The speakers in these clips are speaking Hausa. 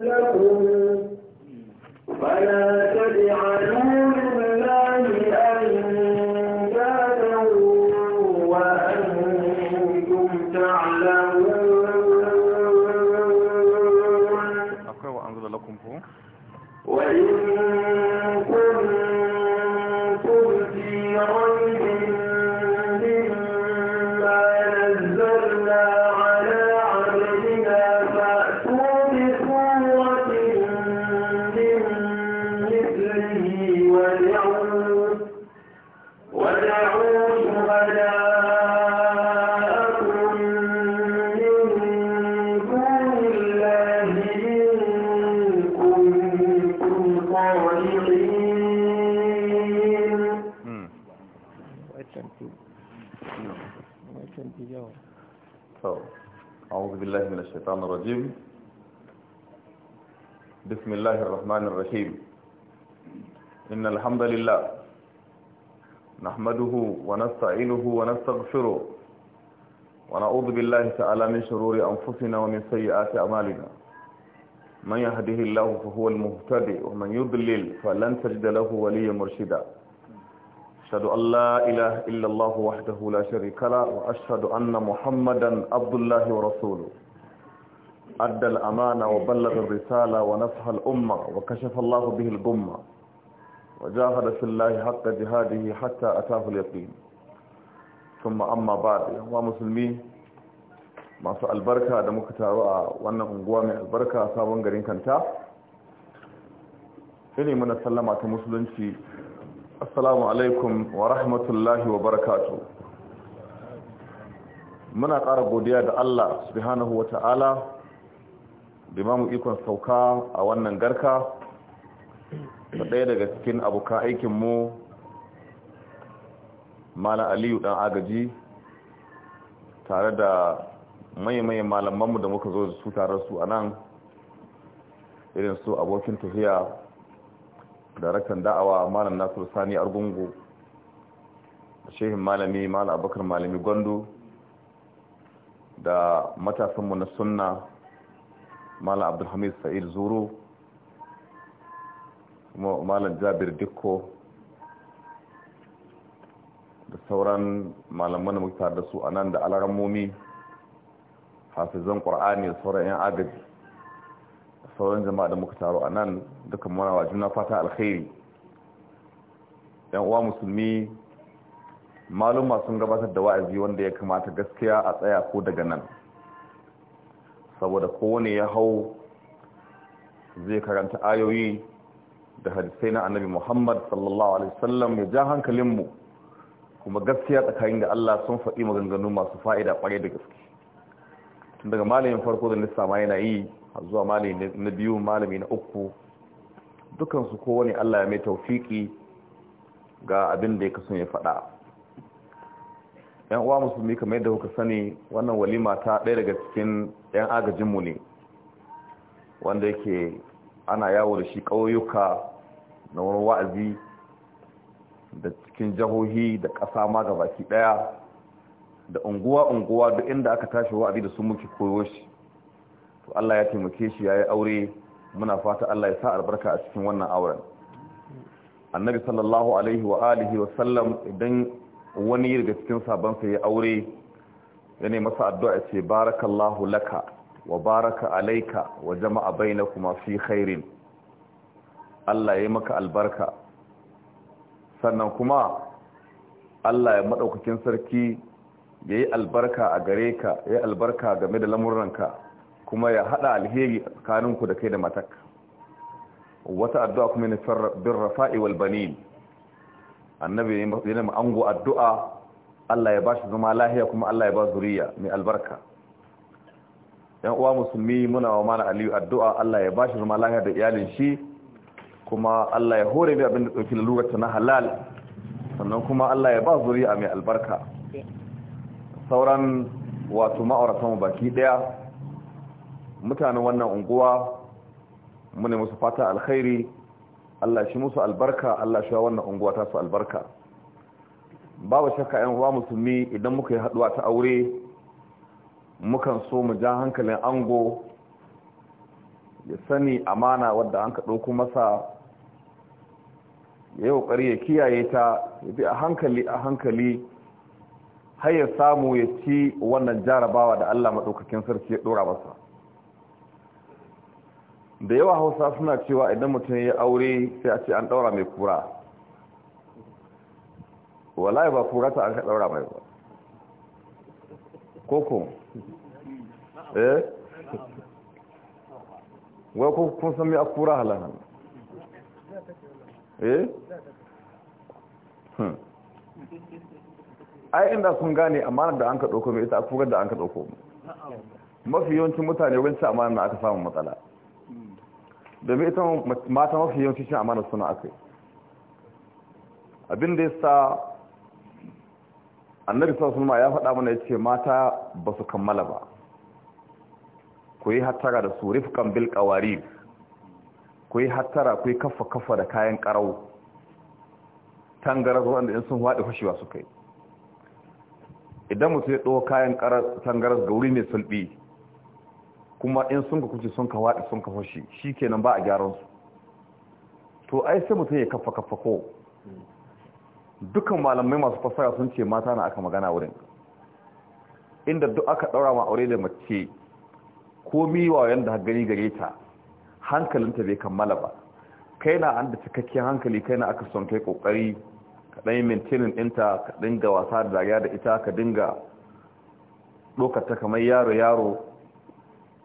لكم فلا تجعلوا لله شهداءكم من دون الله إن كنتم أعوذ بالله من الشيطان الرجيم بسم الله الرحمن الرحيم إن الحمد لله نحمده ونستعينه ونستغفره ونعوذ بالله تعالى من شرور أنفسنا ومن سيئات أعمالنا من يهده الله فهو المهتدي ومن يضلل فلن تجد له وليا مرشدا أشهد أن لا إله إلا الله وحده لا شريك له وأشهد أن محمدا عبد الله ورسوله أدى الأمانة وبلغ الرسالة ونصح الأمة وكشف الله به الغمة وجاهد في الله حق جهاده حتى أتاه اليقين ثم أما بعد يا مسلمين masu albarka da muka taru a wannan unguwa mai albarka sabon garin kanta ne muna sallama ta musulunci as-salamu alaikum wa rahmatullahi wa barakatu muna ƙara godiya da Allah subhanahu wa ta'ala ikon sauka a wannan garka da ɗaya daga cikin abokan aikinmu malam aliyu ɗan agaji tare da maimai malamanmu da muka zo da su tare su a nan irin su abokin tafiya da rakan da'awa malam nasiru sani argungu da shehin malami malam abokan malami gwandu da matasanmu na sunna malam abdulhamid sa'id zuru kuma malam jabir dikko da sauran malaman muktar da su a nan da alarammomi hafizan ƙwar'ani da sauran 'yan agaji da sauran jama'a da muka taro a nan duka manawa juna fata alkhairi yan uwa musulmi maluma sun gabatar da wa'azi wanda ya kamata gaskiya a tsaya ko daga nan saboda kowane ya hau zai karanta ayoyi da hadisai na annabi muhammad sallallahu alaihi wasallam ya ja hankalinmu kuma gaskiya tsakanin da allah sun faɗi maganganu masu fa'ida ƙwarai da gaske tun daga malamin farko da nisa ma yana yi a zuwa malami na biyu malami na uku dukansu kowane allah ya mai taufiki ga abin da ya kasu ya faɗa yan uwa musulmi kamar yadda kuka sani wannan walima ta ɗaya daga cikin yan agajinmu ne wanda yake ana yawo da shi ƙauyuka na wani wa'azi da cikin jahohi da ƙasa ma ga baki ɗaya da unguwa-unguwa duk inda aka tashi wa'azi da sun muke koyo shi to Allah ya taimake shi ya yi aure muna fata Allah ya sa albarka a cikin wannan auren annabi sallallahu alaihi wa alihi wa sallam idan wani daga cikin sabansa ya aure ya ne masa addu'a ce barakallahu laka wa baraka alaika wa jama'a bai bainakuma fi khairin Allah ya yi maka albarka sannan kuma Allah ya maɗaukakin sarki ya yi albarka a gare ka ya yi albarka game da lamuranka kuma ya haɗa alheri tsakaninku da kai da matak wata addu'a kuma ne bin rafa'i wal banin annabi yana ma'ango addu'a Allah ya ba shi zama lahiya kuma Allah ya ba zuriya mai albarka ‘yan uwa musulmi muna wa mana aliyu addu'a Allah ya ba shi zama lahiya da iyalin shi kuma Allah ya hore mai abin da ɗauki lalurarta na halal sannan kuma Allah ya ba a mai albarka sauran wato ma'auratan baki ɗaya mutanen wannan unguwa muna musu fata alkhairi Allah shi musu albarka Allah shi wannan unguwa ta su albarka babu shakka yan uwa musulmi idan muka yi haɗuwa ta aure mukan so mu ja hankalin ango ya sani amana wadda an ka ɗauko masa ya yi ƙoƙari ya kiyaye ta ya bi a hankali a hankali har ya samu ya ci wannan jarabawa da Allah maɗaukakin sarki ya ɗora masa da yawa hausa suna cewa idan mutum ya aure sai a ce an ɗaura mai kura wallahi ba kura ta an ka ɗaura mai ba koko eh wai kun san mai a kura hannu eh hmm. ai inda sun gane amanar da an ka ɗauko mai ita akurar da an ka ɗauko mafi yawancin mutane wani ci amanar na aka samun matsala domin ita mata mafi yawancin cin amanar suna aka yi abin da ya sa annabi sa suna ya faɗa mana ya ce mata ba su kammala ba ku yi hattara da su rifkan bilkawarif ku hattara ku kafa kafa da kayan karau tangarar wanda in sun wadi fashewa su kai idan mutum ya ɗowa kayan tangaras ga wuri mai sulɓi kuma in sun ka kuce sun ka wadi sun ka fashe shi kenan ba a gyaransu to ai sai mutum ya kafa kafa ko dukkan malamai masu fasara sun ce mata na aka magana wurin inda duk aka ɗaura ma aure da mace ko wayan yadda gani gare ta hankalinta bai kammala ba kai na an da cikakken hankali kai na aka son kai kokari ka ɗan mintinin ɗinta ka dinga wasa da dariya da ita ka dinga ɗokata kamar yaro-yaro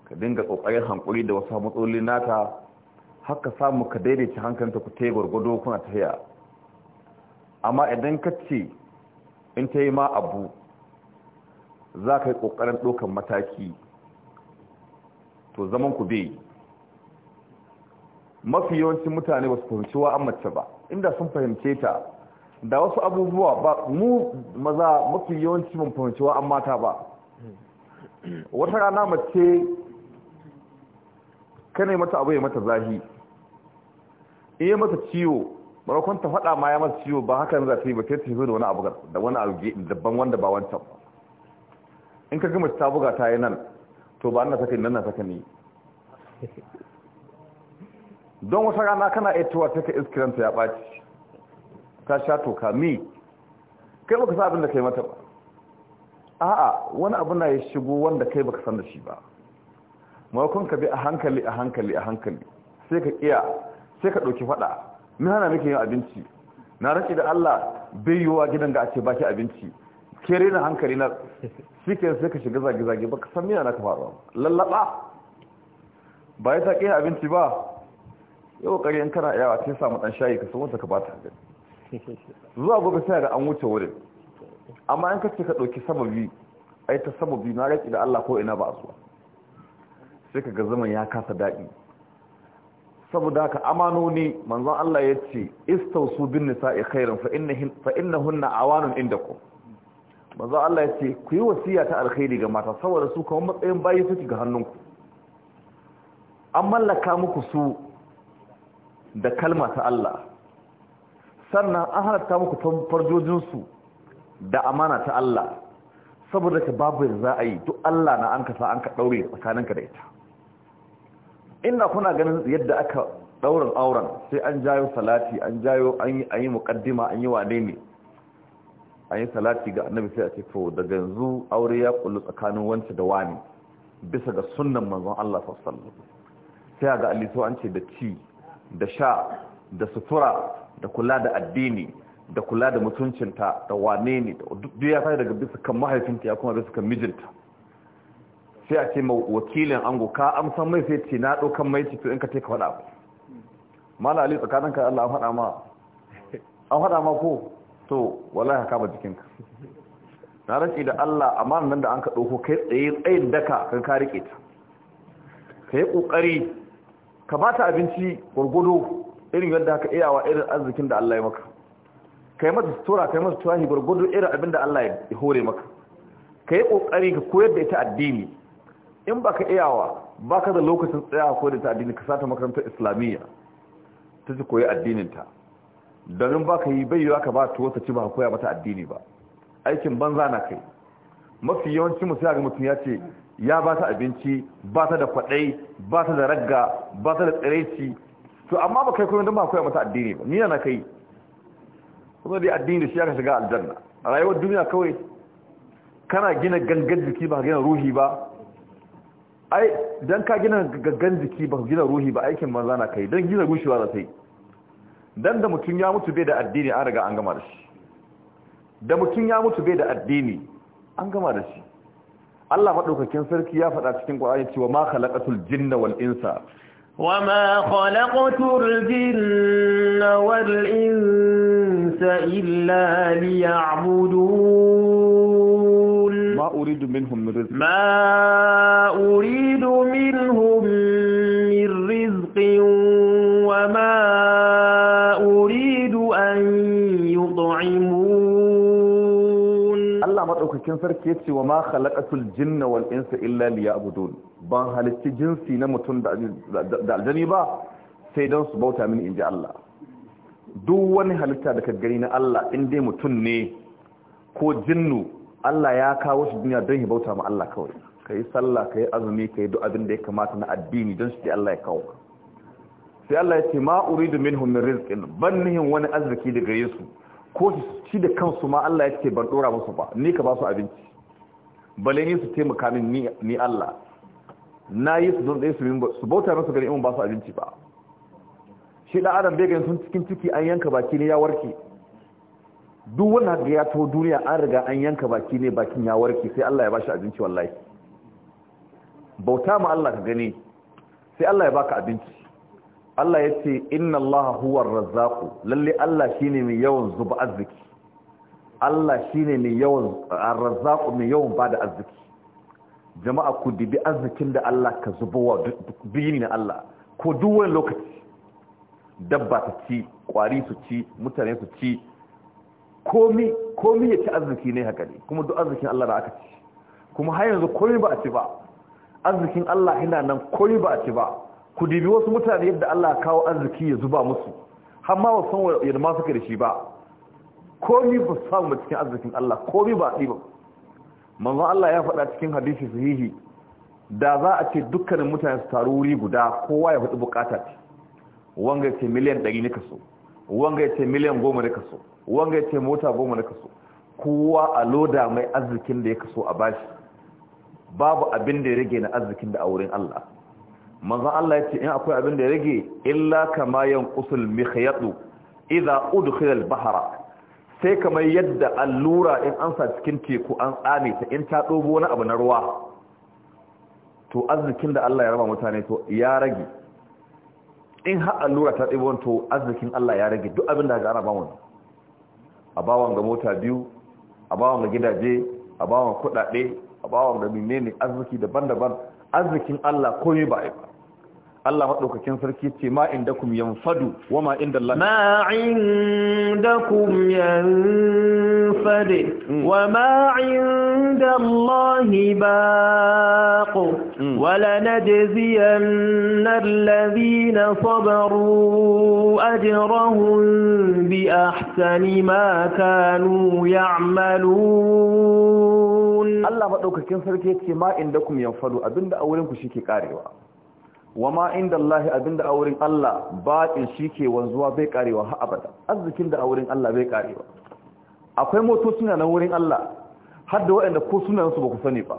ka dinga ƙoƙarin hankuri da wasu matsaloli nata haka samu ka daidaita hankalinta ku taibar gwado kuna ta haya amma idan ka ce in ta yi ma abu za ka yi ƙoƙarin ɗokan mataki to zaman ku bai mafi yawancin mutane ba su fahimci wa an mace ba inda sun fahimce ta da wasu abubuwa ba mu maza mafi yawanci mun fahimci wa an mata ba wata rana mace kane mata abu ya mata zahi iya mata ciwo barakon ta faɗa ma ya mata ciwo ba hakan za ta yi ba ta yi da wani abu da wani alge dabban wanda ba wancan ba in ka gama ta buga ta yi nan to ba na saka nan na saka ni. don wata rana kana aitowa ta ka iskiranta ya ɓaci ta sha toka mi kai baka sa abin da kai mata ba a'a wani abu na ya shigo wanda kai baka san da shi ba maimakon ka bi a hankali a hankali a hankali sai ka iya sai ka ɗauki faɗa min hana muke yin abinci na rake da Allah bai yiwuwa gidan ga a baki abinci ke rena hankali na shi ke sai ka shiga zage-zage baka san mina na ka faruwa Lallaɓa. ba ya sa abinci ba yau kare kana yawa sai samu dan shayi ka san wanda ka bata gani zuwa gobe sai ga an wuce wurin amma in ce ka dauki sababi A ta sababi na raki da Allah ko ina ba zuwa sai ka ga zaman ya kasa daɗi. saboda haka amanoni manzon Allah ya ce istausu bin nisa'i khairan fa innahin fa innahunna awanun indakum manzon Allah ya ce ku yi wasiya ta alkhairi ga mata saboda su kuma matsayin bayi suke ga hannunku an mallaka muku su da kalma ta Allah sannan an halatta muku farjojinsu da amana ta Allah saboda ka babu yanzu za a yi duk Allah na an kasa an ka ɗaure tsakaninka da ita ina kuna ganin yadda aka ɗaurin auren sai an jayo salati an jayo an yi muƙaddima an yi wane ne an yi salati ga annabi sai a ce to daga yanzu aure ya kullu tsakanin wancan da wani bisa ga sunnan manzon Allah sallallahu alaihi wasallam sai ga an ce da ci da sha da sutura da kula da addini da kula da mutuncinta da wane ne duk ya fara daga bisa kan mahaifinta ya kuma bisa kan mijinta sai a ce wakilin ango ka amsan mai sai ce na ɗaukan mai ce in ka ce ka faɗa ku mala ali tsakanin ka Allah an faɗa ma an faɗa ma ko to wallahi ka ba jikinka na rantsi da Allah amanan nan da an ka ɗauko kai tsaye tsayin daka kan ka rike ta kai kokari ka ba ta abinci gwargwado irin yadda haka iyawa irin arzikin da Allah ya maka kai mata sutura kai mata tuwahi gwargwado irin abin da Allah ya hore maka ka yi ƙoƙari ka koyar da ita addini in baka ka iyawa ba ka da lokacin tsayawa koyar da ita addini ka sata makarantar islamiyya ta ci koyi addininta domin ba ka yi bayyana ka ba ta ta ci ba koya mata addini ba aikin banza na kai mafi yawancin mutum ya mutum ya ce ya ba ta abinci ba ta da kwadai ba ta da ragga ba ta da tsiraici to amma ba kai kuma don ba koya mata addini ba Ni na kai kuma dai addini da shi aka shiga aljanna rayuwar duniya kawai kana gina gangan jiki ba gina ruhi ba ai dan ka gina gangan jiki ba gina ruhi ba aikin manza na kai don gina rushewa za ta yi dan da mutum ya mutu bai da addini an riga an gama da shi da mutum ya mutu bai da addini an gama da shi الله madaukakin sarki ya يا cikin Qur'ani cewa ma khalaqatul jinna wal insa وما خلقت الجن والإنس إلا ليعبدون ما أريد منهم من رزق ما أريد منهم من رزق وما أريد أن يطعمون Allah madaukakin sarki ce wa ma khalaqatul jinna wal insa illa liya'budun ban halitti jinsi na mutum da aljani ba sai don su bauta mini inji Allah duk wani halitta da kaggari na Allah in dai mutum ne ko jinnu Allah ya kawo shi duniya don ya bauta ma Allah kawai kai sallah kai azumi kai duk abin da ya kamata na addini don shi Allah ya kawo sai Allah ya ce ma uridu minhum min rizqin ban nihin wani arziki daga Yesu ko shi da kansu ma Allah ya ce ban dora musu ba ni ka ba su abinci bale ni su taimaka min ni Allah na yi su don ɗaya su su bauta musu gani in ba su abinci ba shi da adam bai sun cikin ciki an yanka baki ne ya warke duk wanda ga ya to duniya an riga an yanka baki ne bakin ya warke sai Allah ya bashi abinci wallahi bauta ma Allah ka gani sai Allah ya baka abinci Allah ya ce inna Allah huwar razzaku lalle Allah shine mai yawan zuba arziki Allah shine mai yawan razzaku mai yawan bada arziki jama'a ku dibi arzikin da Allah ka wa duk na Allah ko duk lokaci dabba ta ci kwari su ci mutane su ci komi komi ya ci arziki ne haka ne kuma duk arzikin Allah da aka ci kuma har yanzu komi ba a ci ba arzikin Allah yana nan komi ba a ci ba ku dibi wasu mutane yadda Allah kawo arziki ya zuba musu har ma wasu san yadda ma suka da shi ba komi ba samu cikin arzikin Allah komi ba ba manzon Allah ya faɗa cikin hadisi sahihi da za a ce dukkanin mutane su taru wuri guda kowa ya faɗi bukata ce wanga ya ce miliyan ɗari ne kaso wanga ya ce miliyan goma ne kaso wanga ya ce mota goma na kaso kowa a loda mai arzikin da ya kaso a bashi babu abin da ya rage na arzikin da a wurin Allah manzo Allah yace in akwai abin da ya rage illa kama yanqusul mikhyatu idza udkhila al-bahra sai kamar yadda allura in an sa cikin teku an tsame ta in ta dobo wani abu na ruwa to arzikin da Allah ya raba mutane to ya rage in har allura ta dobo to arzikin Allah ya rage duk abin da ga ana bawon a bawon ga mota biyu a bawon ga gidaje a bawon kudade a bawon ga menene arziki daban-daban arzikin Allah komai ba ai ba Allah maɗaukakin sarki ce ma inda kum wa ma inda Allah ma inda kum yanfade wa ma inda Allah baqo mm. wa lanajziyanna alladhina sabaru ajrahum bi ahsani ma kanu ya'malun Allah maɗaukakin sarki ce ma inda kum yanfadu abinda a wurin ku ke karewa wama inda Allah abinda a wurin Allah baƙin shi ke wanzuwa bai karewa ha abada arzikin da a wurin Allah bai karewa akwai motoci na wurin Allah har da waɗanda ko sunayensu ba ku sani ba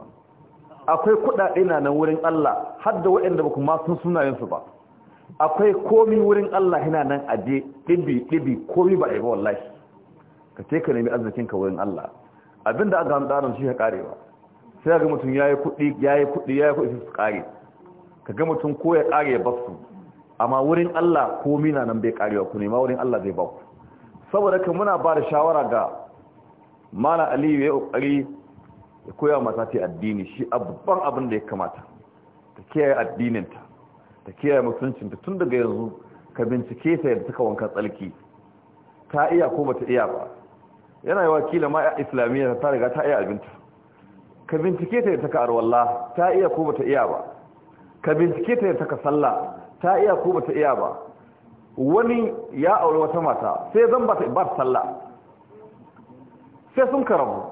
akwai kuɗaɗe na nan wurin Allah har da waɗanda ba ku ma sun sunayensu ba akwai komi wurin Allah yana nan aje ɗibi ɗibi komi ba a yi ba wallahi ka ce ka nemi ka wurin Allah abinda aka hannu ɗanin shi ya ƙarewa sai ga mutum ya yi kuɗi ya yi kuɗi ya yi kuɗi su kare ka ga mutum ko ya ƙare ya basu amma wurin Allah ko mina nan bai ƙarewa ku nema wurin Allah zai bau. saboda kan muna ba da shawara ga mana aliyu ya ƙoƙari ya koya mata ta addini shi babban abin da ya kamata ta kiyaye addininta ta kiyaye mutuncinta tun daga yanzu ka bincike ta yadda suka wanka tsalki ta iya ko bata iya ba yana yi wakila ma a islamiyya ta riga ta iya abinta ka bincike ta yadda ta ka ta iya ko bata iya ba ka bincike ta ta ka sallah ta iya ko bata iya ba wani ya aure wata mata sai zan ba ta sallah sai sun karamu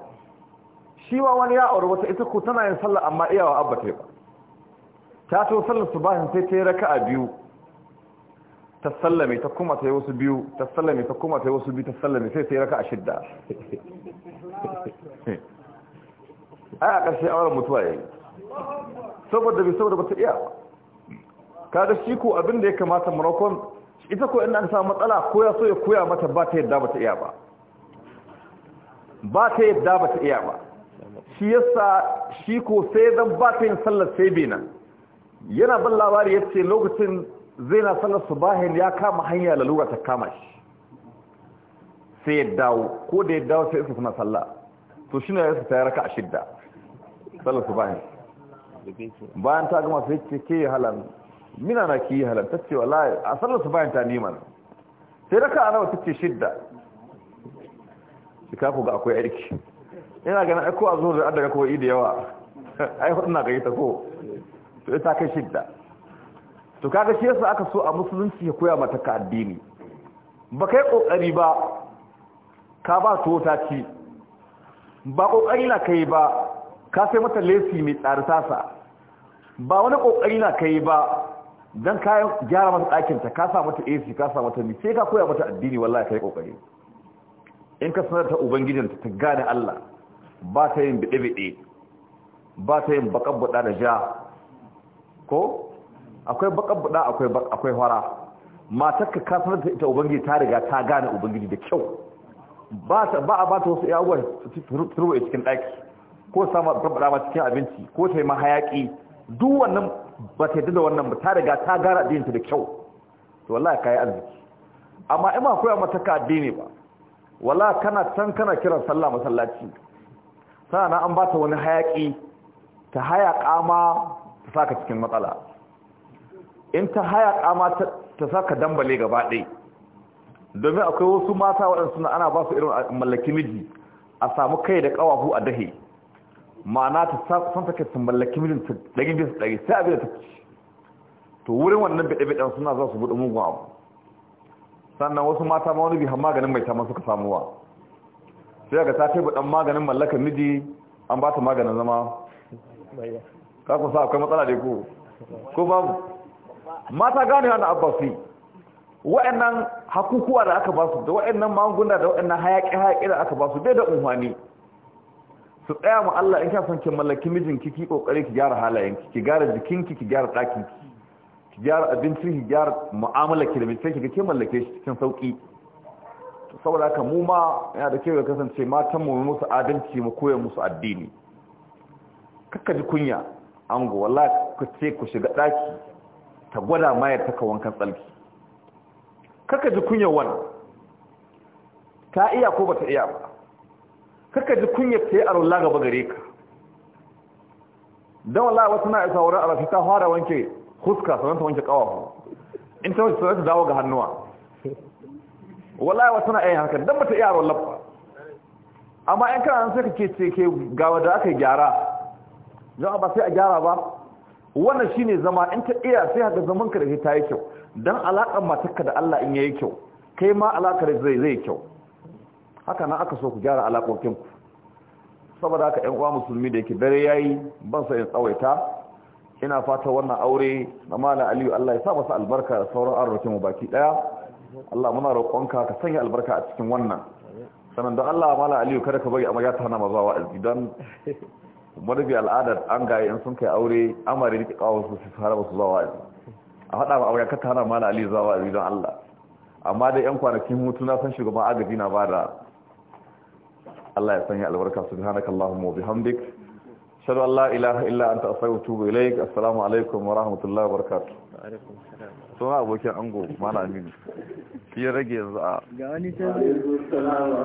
shi ma wani ya aure wata ita ko tana yin sallah amma iyawa abba ta ba ta to sallar subahin sai ta yi raka'a biyu ta sallame ta kuma ta yi wasu biyu ta sallame ta kuma ta yi wasu biyu ta sallame sai ta yi raka'a shidda ai a ƙarshe auren mutuwa yayi saboda bai saboda bata iya kaga shi ko abin da ya kamata murakon ita ko ina ka samu matsala ko ya so ya koya mata ba ta yadda bata iya ba ba ta yadda bata iya ba shi yasa shi ko sai zan ba ta yin sallar sai nan yana ban labari ya ce lokacin zai na sallar bahin ya kama hanya lalura ta kama shi sai ya dawo ko da ya dawo sai isa suna sallah to shi ne ya isa ta yaraka a shidda sallar bahin. bayan ta gama sai ce ke halan mina na ki halan ta ce wallahi a sallar su bayan ta neman sai raka nawa ta ce shidda ka ku ga akwai aiki ina ganin aiko a zuwa da addaga kawai da yawa ai hudu na ta ko to ita kai shidda to kaga shi yasa aka so a musulunci ya koya mata ka addini ba kai kokari ba ka ba to ta ci ba kokari na kai ba ka sai mata lesi mai tsari tasa ba wani kokari na kai ba dan ka gyara masa ɗakin ta ka sa mata AC ka sa mata ni sai ka koya mata addini wallahi kai kokari in ka sanar ta ubangijin ta gane Allah ba ta yin bide-bide ba ta yin bakabbuda da ja ko akwai bakabbuda akwai akwai fara matarka ka sanar ta ita ubangiji ta riga ta gane ubangiji da kyau ba a ba ta wasu yawon turbo a cikin ɗaki ko sama bakabbuda ma cikin abinci ko ta yi mahayaki duk wannan ba ta yadda da wannan ba ta riga ta gara addininta da kyau to wallahi kai arziki amma in ba koya mata ka addini ba wallahi kana san kana kiran sallah masallaci sana an ba ta wani hayaki ta haya kama ta saka cikin matsala in ta haya kama ta saka dambale gaba ɗaya domin akwai wasu mata waɗansu ana ba su irin mallaki miji a samu kai da ƙawafu a dahe ma'ana ta san take ta mallaki mijin ta ɗari bisa ɗari sai abin da ta ci to wurin wannan biɗe-biɗen suna za su buɗe mugun abu sannan wasu mata ma wani bi har maganin mai taman suka samuwa sai ga ta ce buɗan maganin mallakar miji an ba ta maganin zama ka ku sa akwai matsala da ku ko babu mata gane wani abbasi wa'annan hakukuwa da aka ba su da wa'annan magunguna da wa'annan hayaƙi-hayaƙi da aka ba su bai da umfani. su tsaya mu Allah in ka son ke mallaki mijinki ki kokari ki gyara halayenki ki gyara jikinki ki gyara dakin ki ki gyara abincin ki gyara mu'amala ki da mijin ki ga ke mallake shi cikin sauki saboda haka mu ma ya da kyau kasance matan mu musu adalci mu koya musu addini kakka ji kunya ango wallahi ku ce ku shiga daki ta gwada mayar ta wankan tsalki kakka ji kunya wannan ta iya ko bata iya ba kaka ji kunyar ta yi a rulla gaba gare ka don wallahi wasu na isa wurin arafi ta fara wanke huska sanar ta wanke kawo in ta wanke sanar ta dawo ga hannuwa wallahi wasu na iya hankali don ba ta iya rullar ba amma yan kana sai ke ce ke gawa da aka gyara don ba sai a gyara ba wannan shi ne zama in ta iya sai haka zaman ka da ta yi kyau don alaƙar matakka da Allah in yayi kyau kai ma alaƙar zai zai kyau haka na aka so ku gyara alaƙokinku saboda haka ‘yan uwa musulmi da yake dare ya yi ban sa in tsawaita ina fata wannan aure na mala aliyu Allah ya sa masa albarka da sauran arzikin mu baki ɗaya Allah muna roƙonka ka sanya albarka a cikin wannan sannan don Allah mala aliyu kada ka bari amarya ta hana mazawa arziki don marbi al'adar an gaye in sun kai aure amari da kawo su su haraba su zawa aji a haɗa ba aure kata hana mala zawa don allah amma da ƴan kwanakin hutu na san shugaban agaji na ba da Allah ya sanya albarka subhanakallahumma wa bihamdik shadu an la ilaha illa anta astaghfiruka wa atubu ilaik assalamu alaikum wa rahmatullahi wa barakatuh wa alaikum assalam abokin ango mana aminu shi rage yanzu a ga wani